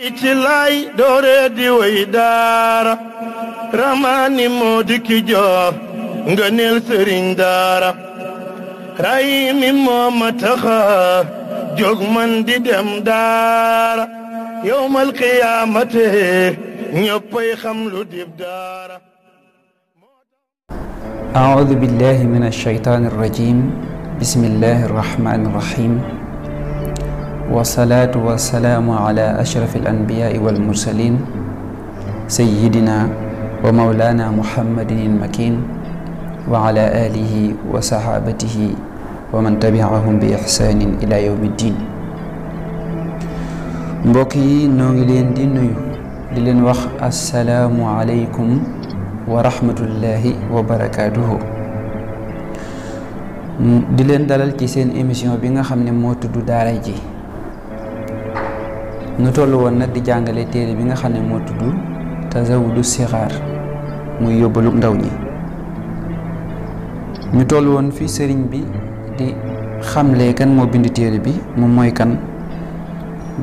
itilai dore di way ramani moo di ki jox raimi neel sëriñ daara di dem daara yowmal qiyaamate ñëppay xam lu dib daara أعوذ بالله من الشيطان الرجيم بسم الله الرحمن الرحيم والصلاة والسلام على أشرف الأنبياء والمرسلين سيدنا ومولانا محمد المكين وعلى آله وصحابته ومن تبعهم بإحسان إلى يوم الدين بوكي نغلين دينيو للن السلام عليكم ورحمة الله وبركاته di leen dalal ci seen émission bi nga xam ne ñu toll woon nag di jàngale téere bi nga xam ne moo tudd du sixaar muy yóbbalu ndaw ñi ñu toll woon fi sëriñ bi di xamle kan moo bind téere bi moom mooy kan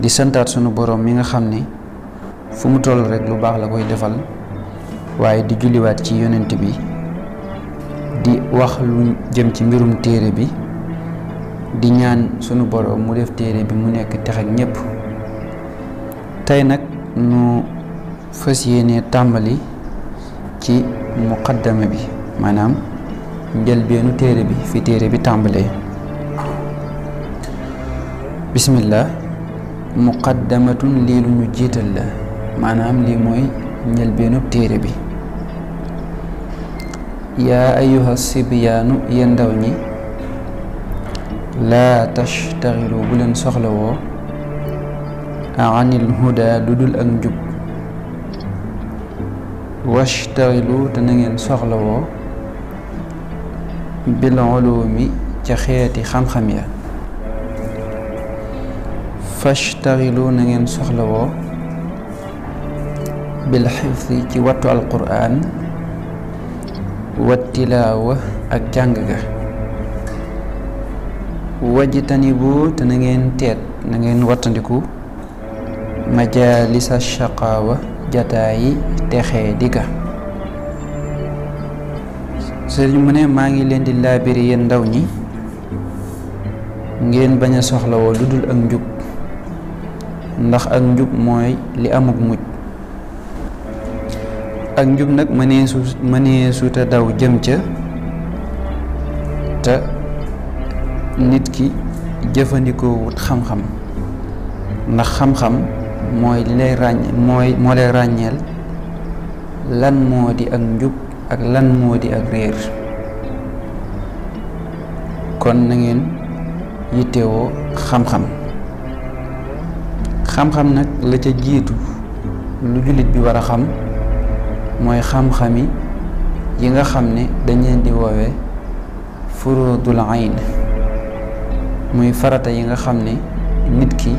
di santaat sunu boroom mi nga xam ne fu mu toll rek lu baax la koy defal waaye di julliwaat ci yonent bi di wax lu jëm ci mbirum téere bi di ñaan sunu borom mu def téere bi mu nekk tex ak ñépp tay nak ñu fassiyene tàmbali ci muqaddama bi manam maanaam njëlbeenu téré bi fi téré bi tambalé bismillah muqaddamatun lii lu ñu jiital la maanaam lii mooy njëlbeenu téere bi yaa ayuha sibyaanu yéen لا تشتغلوا بلن tashtaxilu عن الهدى لدل أنجب واشتغلوا تنين صغلوا بالعلوم تخيات خم خمية فاشتغلوا نين صغلوا بالحفظ كوات القرآن والتلاوة الجنگة وجتنبوا تنين تيت نين واتنكو majaalisa shaqaawa jataayi texe dika sëriñ mu ne maa ngi leen di laabir yéen ndaw ñi ngeen bañ a soxlawoo lu dul ak njub ndax ak njub mooy li amuk mujj ak njub nag mëneesu mëneesuta daw jëm ca te nit ki jëfandikoo wut xam-xam ndax xam-xam mooy li ràññeel lan moo di ak njub ak lan moo di ak réer kon na ngeen yittewoo xam-xam xam-xam nag la ca jiitu lu jullit bi war a xam mooy xam-xami yi nga xam ne dañ leen di woowe furudul ayn muy farata yi nga xam ne nit ki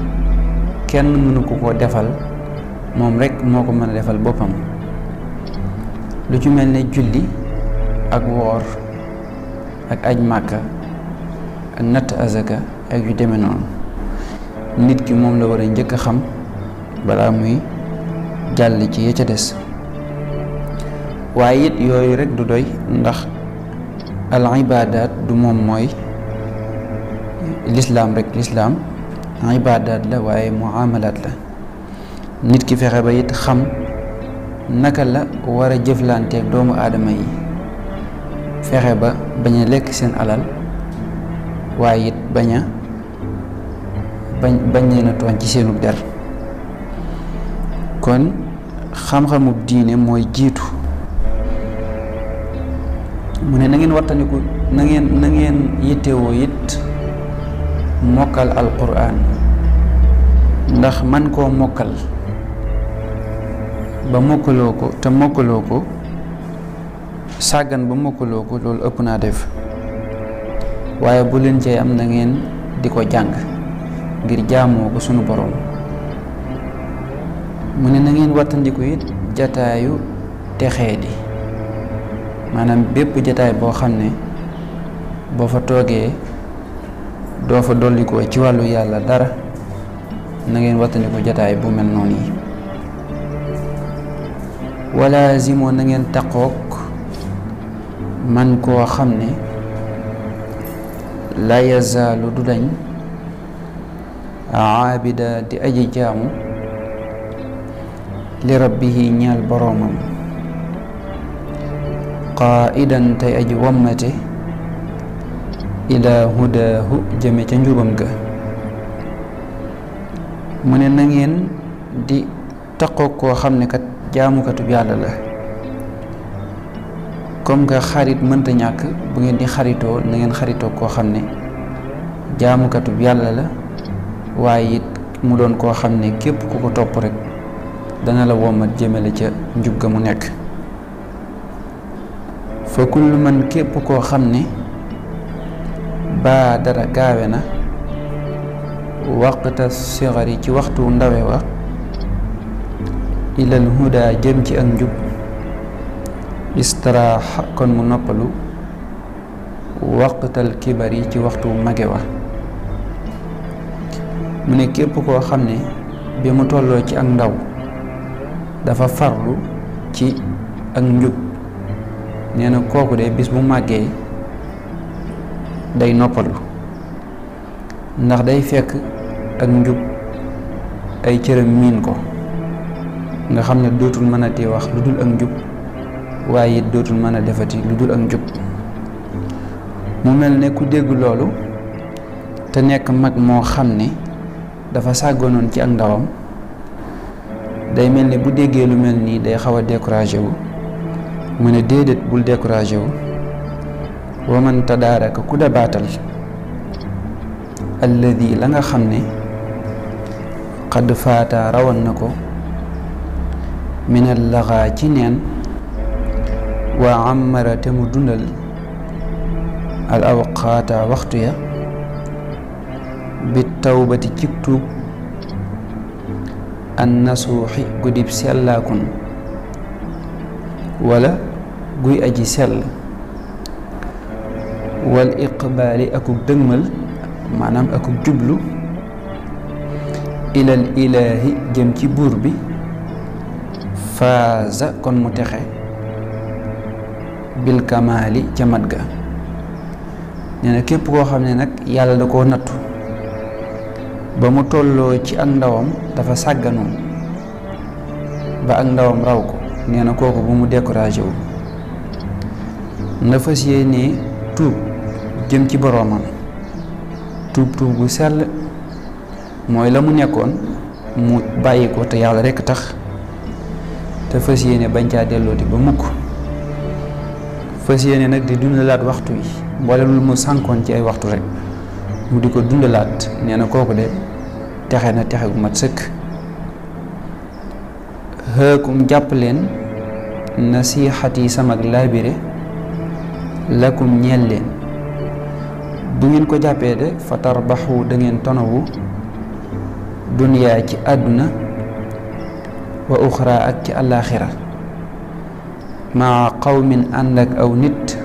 kenn mënu ko ko defal moom rekk moo ko mën a defal boppam lu ci mel ne julli ak woor ak aj màkka ak natt azaka ak yu demee noonu nit ki moom la war a njëkk a xam balaa muy jàll ci ya ca des waaye it yooyu rek du doy ndax al ibaadaat du moom mooy lislaam rekk lislaam ibaadaat la waaye muamalaat la nit ki fexe ba it xam naka la war a jëflanteeg doomu aadama yi fexe ba bañ a lekk seen alal waaye it bañ a bañ bañ leen a ci seenub der kon xam-xamub diine mooy jiitu mu ne na ngeen wattandiku na ngeen yittewoo it mokal alquran ndax man ko mokal ba sagan te mokkaloo sagan ba mokkaloo ko loolu ëpp def waye bu len cee am na ngeen di jang ngir jamo ko sunu borom mune na ngeen watandiko yit jataayu texee di maanaam bépp jataay boo xam fa toge do fa dolli ko ci walu yalla dara na ngeen ko jotaay bu mel noonu yi wala zimo na ngeen taqoog man ko xamne la yazalu du dañ aabida di aji jamu li rabbih nyal boromam qaidan tay aji wammate ila huda huk ca njubam ga mune na ngeen di taqoo koo xam ne kat jaamukatub yalla la comme nga xarit mënta ñak bu ngeen di xarito na ngeen xaritoo koo xam ne jaamukatub yalla la waye it mu doon ko xamne ne ku ko top rek dana la womat la ca njub ga mu nek fa kullu man kep ko xamne dara gaawe na waqta sixari ci waxtu ndawe wa ilal huda jëm ci ak njub istiraaxa kon mu noppalu waqtal kibar yi ci waxtu mage wa mu ne képp koo xam ne bi mu tolloo ci ak ndaw dafa farlu ci ak njub nee na kooku de bis bu màggee day noppalu ndax day fekk ak njub ay cëram miin ko nga xam ne dootul mën a tee wax lu dul ak njub waaye it dootul mën a defati lu dul ak njub mu mel ne ku dégg loolu te nekk mag moo xam ne dafa sàggoonoon ci ak ndawam day mel ne bu déggee lu mel nii day xaw a découragé wu mu ne déedéet bul découragé wu ومن تدارك كودا باتل الذي لنا خمني قد فات نكو من اللغا جنين وعمر تمدن الأوقات وقتها بالتوبة كتب النصوح قد بسيالاكن ولا قد أجي سيالاكن wal iqbaali akub dëgmal maanaam akub jublu ilal ilaahi jëm ci buur bi faaza kon mu texe bil kamaali ca mat ga nee képp koo xam ne nag yàlla da koo nattu ba mu tolloo ci ak ndawam dafa sàgganoon ba ak ndawam raw ko nee na kooku bu mu découragé wu na fas yéenee tuub jëm ci boroomam tu tuub gu sel moy la mu nekkoon mu bayiko te yalla rek tax te fasiyene yéene bañ caa dellooti ba mukk fasiyene nak di dundalat waxtu yi lu mu sankon ci ay waxtu rek mu diko dundalat neena koku na de texe na gu mat seuk ha kum jappelen nasihati samag lakum ñel len bu ngeen ko jàppee de fatar baxu dangeen ngeen tonawu ci àdduna wa uxra ak ci àllaaxira ma qawmin ànd ak aw nit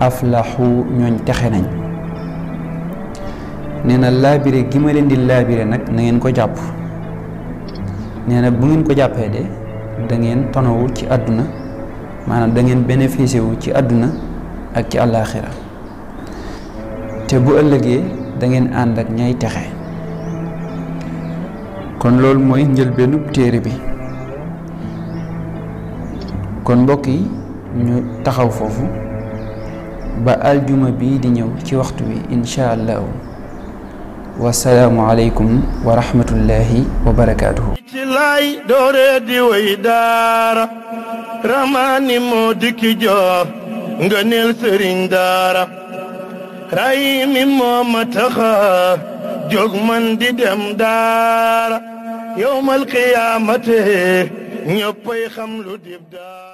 aflaxu ñooñ texe nañ nee na laabire gi ma leen di laabire nag na ngeen ko jàpp nee na bu ngeen ko jàppee de da ngeen tonawu ci àdduna maanaam dangeen ngeen bénéficié ci àdduna ak ci àllaaxira te bu ëllëgee da ngeen ànd ak ñay texe kon loolu mooy njëlbéenub téere bi kon mbokk yi ñu taxaw foofu ba aljuma bii di ñëw ci waxtu wi incha allahu wasalaamu aleykum wa rahmatullahi ci laay dooree di way daara ramaani moo dikki joor nga neel sëriñ daara ray mi mooma taxa jóg man di dem daara yowmal qiyaamate ñëppay xam lu dib daara